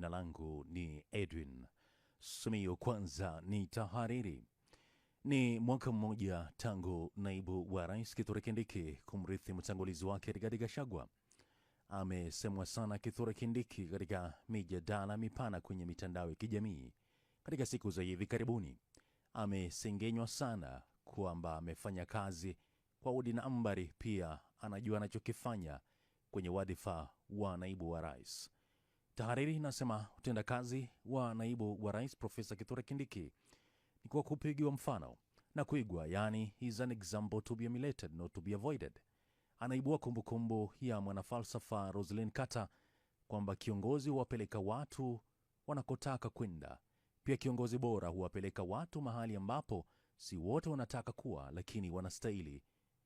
Jina langu ni Edwin sumio Kwanza ni tahariri. Ni mwaka mmoja tangu naibu wa rais Kithure Kindiki kumrithi mtangulizi wake rigadi gashagwa Amesemwa sana Kithure Kindiki katika mijadala mipana kwenye mitandao ya kijamii katika siku za hivi karibuni. Amesengenywa sana kwamba amefanya kazi kwa udi na ambari, pia anajua anachokifanya kwenye wadhifa wa naibu wa rais. Tahariri inasema utendakazi wa naibu wa rais Profesa Kithure Kindiki ni kwa kupigiwa mfano na kuigwa, yaani is an example to be emulated not to be avoided. Anaibua kumbukumbu -kumbu ya mwanafalsafa Roslin Carter kwamba kiongozi huwapeleka watu wanakotaka kwenda. Pia kiongozi bora huwapeleka watu mahali ambapo si wote wanataka kuwa, lakini wanastahili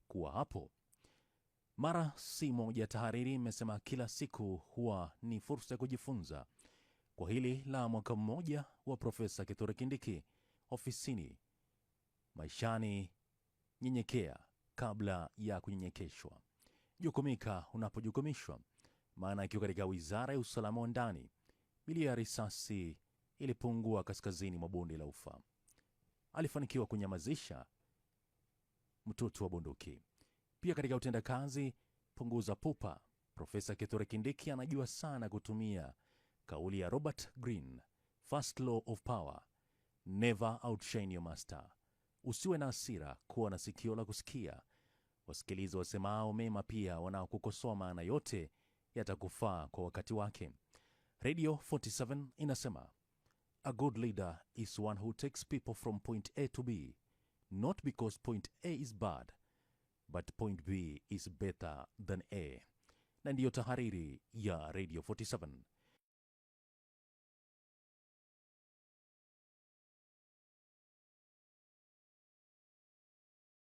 kuwa hapo. Mara si moja tahariri imesema kila siku huwa ni fursa ya kujifunza. Kwa hili la mwaka mmoja wa Profesa Kithure Kindiki, ofisini, maishani, nyenyekea kabla ya kunyenyekeshwa, jukumika unapojukumishwa. Maana ikiwa katika wizara ya usalama wa ndani, milio ya risasi ilipungua kaskazini mwa bonde la Ufa. Alifanikiwa kunyamazisha mtoto wa bunduki. Pia katika utendakazi, punguza pupa. Profesa Kithure Kindiki anajua sana kutumia kauli ya Robert Greene, First Law of Power, Never outshine your master. Usiwe na hasira, kuwa na sikio la kusikia, wasikilize wasemao mema, pia wanaokukosoa, maana yote yatakufaa kwa wakati wake. Radio 47 inasema a good leader is one who takes people from point A to B, not because point A is bad but point B is better than A, na ndiyo tahariri ya Radio 47.